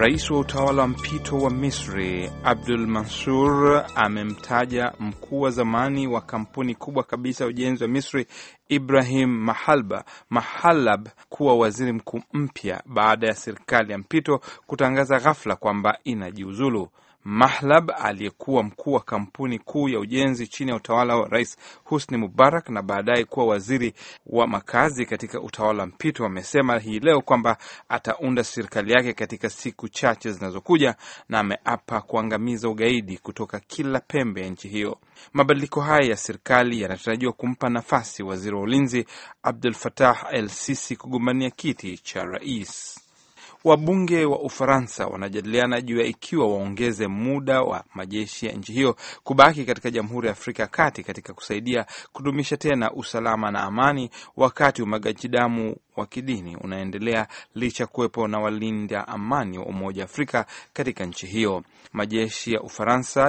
Rais wa utawala mpito wa Misri Abdul Mansur amemtaja mkuu wa zamani wa kampuni kubwa kabisa ya ujenzi wa Misri Ibrahim Mahalba Mahalab kuwa waziri mkuu mpya baada ya serikali ya mpito kutangaza ghafla kwamba inajiuzulu. Mahlab aliyekuwa mkuu wa kampuni kuu ya ujenzi chini ya utawala wa Rais Husni Mubarak na baadaye kuwa waziri wa makazi katika utawala mpito, amesema hii leo kwamba ataunda serikali yake katika siku chache zinazokuja, na ameapa kuangamiza ugaidi kutoka kila pembe ya nchi hiyo. Mabadiliko haya ya serikali yanatarajiwa kumpa nafasi waziri wa ulinzi Abdul Fatah El Sisi kugombania kiti cha rais. Wabunge wa Ufaransa wanajadiliana juu ya ikiwa waongeze muda wa majeshi ya nchi hiyo kubaki katika Jamhuri ya Afrika ya Kati katika kusaidia kudumisha tena usalama na amani, wakati umwagaji damu wa kidini unaendelea licha kuwepo na walinda amani wa Umoja wa Afrika katika nchi hiyo. Majeshi ya Ufaransa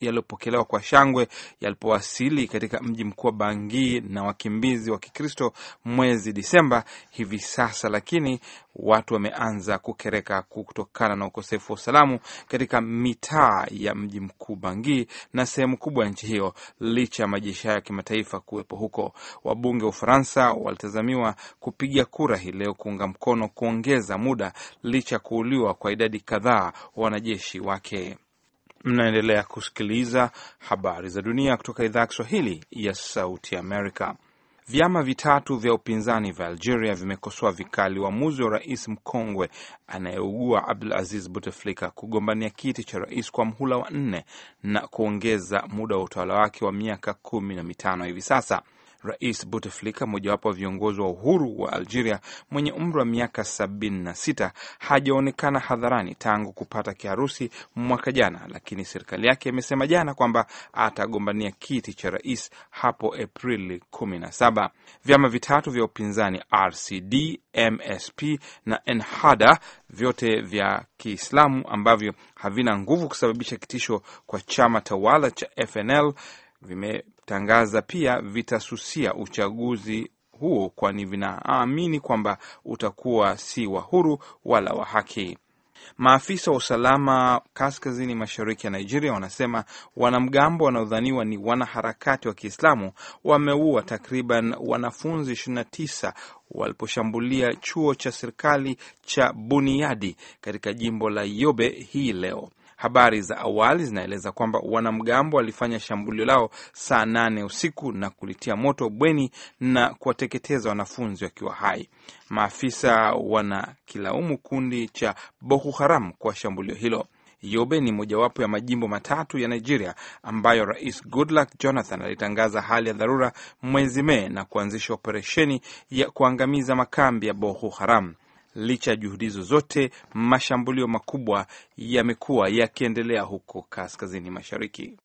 yaliyopokelewa kwa shangwe yalipowasili katika mji mkuu wa Bangi na wakimbizi wa Kikristo mwezi Disemba hivi sasa, lakini watu wameanza kukereka kutokana na ukosefu wa usalama katika mitaa ya mji mkuu Bangui na sehemu kubwa ya nchi hiyo, licha ya majeshi hayo ya kimataifa kuwepo huko. Wabunge wa Ufaransa walitazamiwa kupiga kura hii leo kuunga mkono kuongeza muda licha ya kuuliwa kwa idadi kadhaa wanajeshi wake. Mnaendelea kusikiliza habari za dunia kutoka idhaa ya Kiswahili ya Sauti Amerika. Vyama vitatu vya upinzani vya Algeria vimekosoa vikali uamuzi wa rais mkongwe anayeugua Abdul Aziz Buteflika kugombania kiti cha rais kwa mhula wa nne na kuongeza muda wa utawala wake wa miaka kumi na mitano hivi sasa. Rais Bouteflika, mojawapo wa viongozi wa uhuru wa Algeria mwenye umri wa miaka sita hajaonekana hadharani tangu kupata kiharusi mwaka jana, lakini serikali yake imesema jana kwamba atagombania kiti cha rais hapo Aprili kumi saba. Vyama vitatu vya upinzani RCD, MSP na Ennahda, vyote vya Kiislamu ambavyo havina nguvu kusababisha kitisho kwa chama tawala cha FNL vimetangaza pia vitasusia uchaguzi huo, kwani vinaamini kwamba utakuwa si wa huru wala wa haki. Maafisa wa usalama kaskazini mashariki ya Nigeria wanasema wanamgambo wanaodhaniwa ni wanaharakati wa Kiislamu wameua takriban wanafunzi 29 waliposhambulia chuo cha serikali cha Buniadi katika jimbo la Yobe hii leo. Habari za awali zinaeleza kwamba wanamgambo walifanya shambulio lao saa nane usiku na kulitia moto bweni na kuwateketeza wanafunzi wakiwa hai. Maafisa wanakilaumu kundi cha Boko Haram kwa shambulio hilo. Yobe ni mojawapo ya majimbo matatu ya Nigeria ambayo Rais Goodluck Jonathan alitangaza hali ya dharura mwezi Mei na kuanzisha operesheni ya kuangamiza makambi ya Boko Haram licha ya juhudi hizo zote, mashambulio makubwa yamekuwa yakiendelea huko kaskazini mashariki.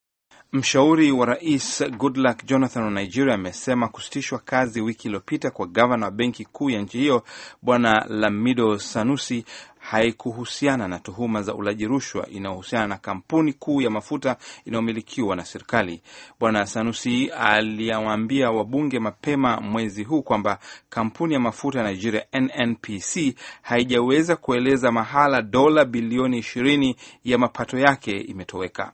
Mshauri wa rais Goodluck Jonathan wa Nigeria amesema kusitishwa kazi wiki iliyopita kwa gavana wa benki kuu ya nchi hiyo Bwana Lamido Sanusi haikuhusiana na tuhuma za ulaji rushwa inayohusiana na kampuni kuu ya mafuta inayomilikiwa na serikali. Bwana Sanusi aliwaambia wabunge mapema mwezi huu kwamba kampuni ya mafuta ya Nigeria NNPC haijaweza kueleza mahala dola bilioni ishirini ya mapato yake imetoweka.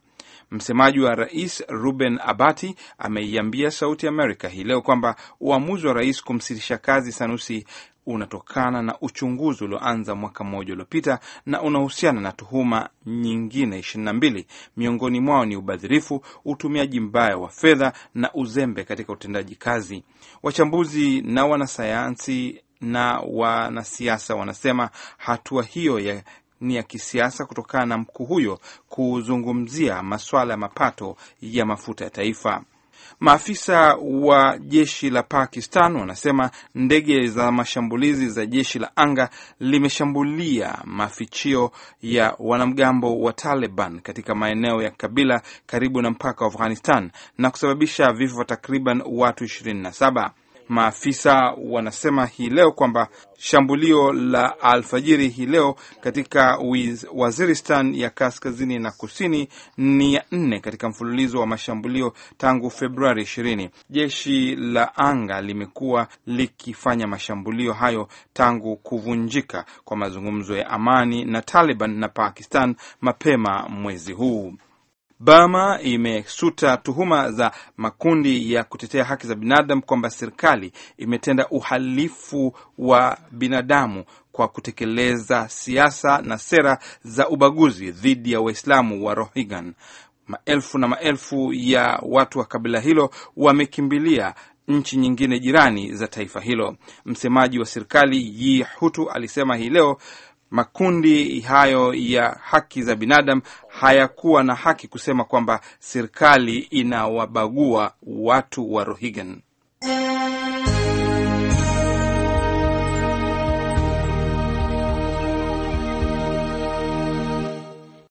Msemaji wa rais Ruben Abati ameiambia Sauti Amerika hii leo kwamba uamuzi wa rais kumsitisha kazi Sanusi unatokana na uchunguzi ulioanza mwaka mmoja uliopita na unahusiana na tuhuma nyingine ishirini na mbili. Miongoni mwao ni ubadhirifu, utumiaji mbaya wa fedha na uzembe katika utendaji kazi. Wachambuzi na wanasayansi na wanasiasa wanasema hatua hiyo ya ni ya kisiasa kutokana na mkuu huyo kuzungumzia masuala ya mapato ya mafuta ya taifa. Maafisa wa jeshi la Pakistan wanasema ndege za mashambulizi za jeshi la anga limeshambulia mafichio ya wanamgambo wa Taliban katika maeneo ya Kabila karibu na mpaka wa Afghanistan na kusababisha vifo takriban watu ishirini na saba Maafisa wanasema hii leo kwamba shambulio la alfajiri hii leo katika Waziristan ya kaskazini na kusini ni ya nne katika mfululizo wa mashambulio tangu Februari ishirini Jeshi la anga limekuwa likifanya mashambulio hayo tangu kuvunjika kwa mazungumzo ya amani na Taliban na Pakistan mapema mwezi huu. Burma imesuta tuhuma za makundi ya kutetea haki za binadamu kwamba serikali imetenda uhalifu wa binadamu kwa kutekeleza siasa na sera za ubaguzi dhidi ya Waislamu wa Rohingya. Maelfu na maelfu ya watu wa kabila hilo wamekimbilia nchi nyingine jirani za taifa hilo. Msemaji wa serikali Yi Hutu alisema hii leo makundi hayo ya haki za binadamu hayakuwa na haki kusema kwamba serikali inawabagua watu wa Rohingya.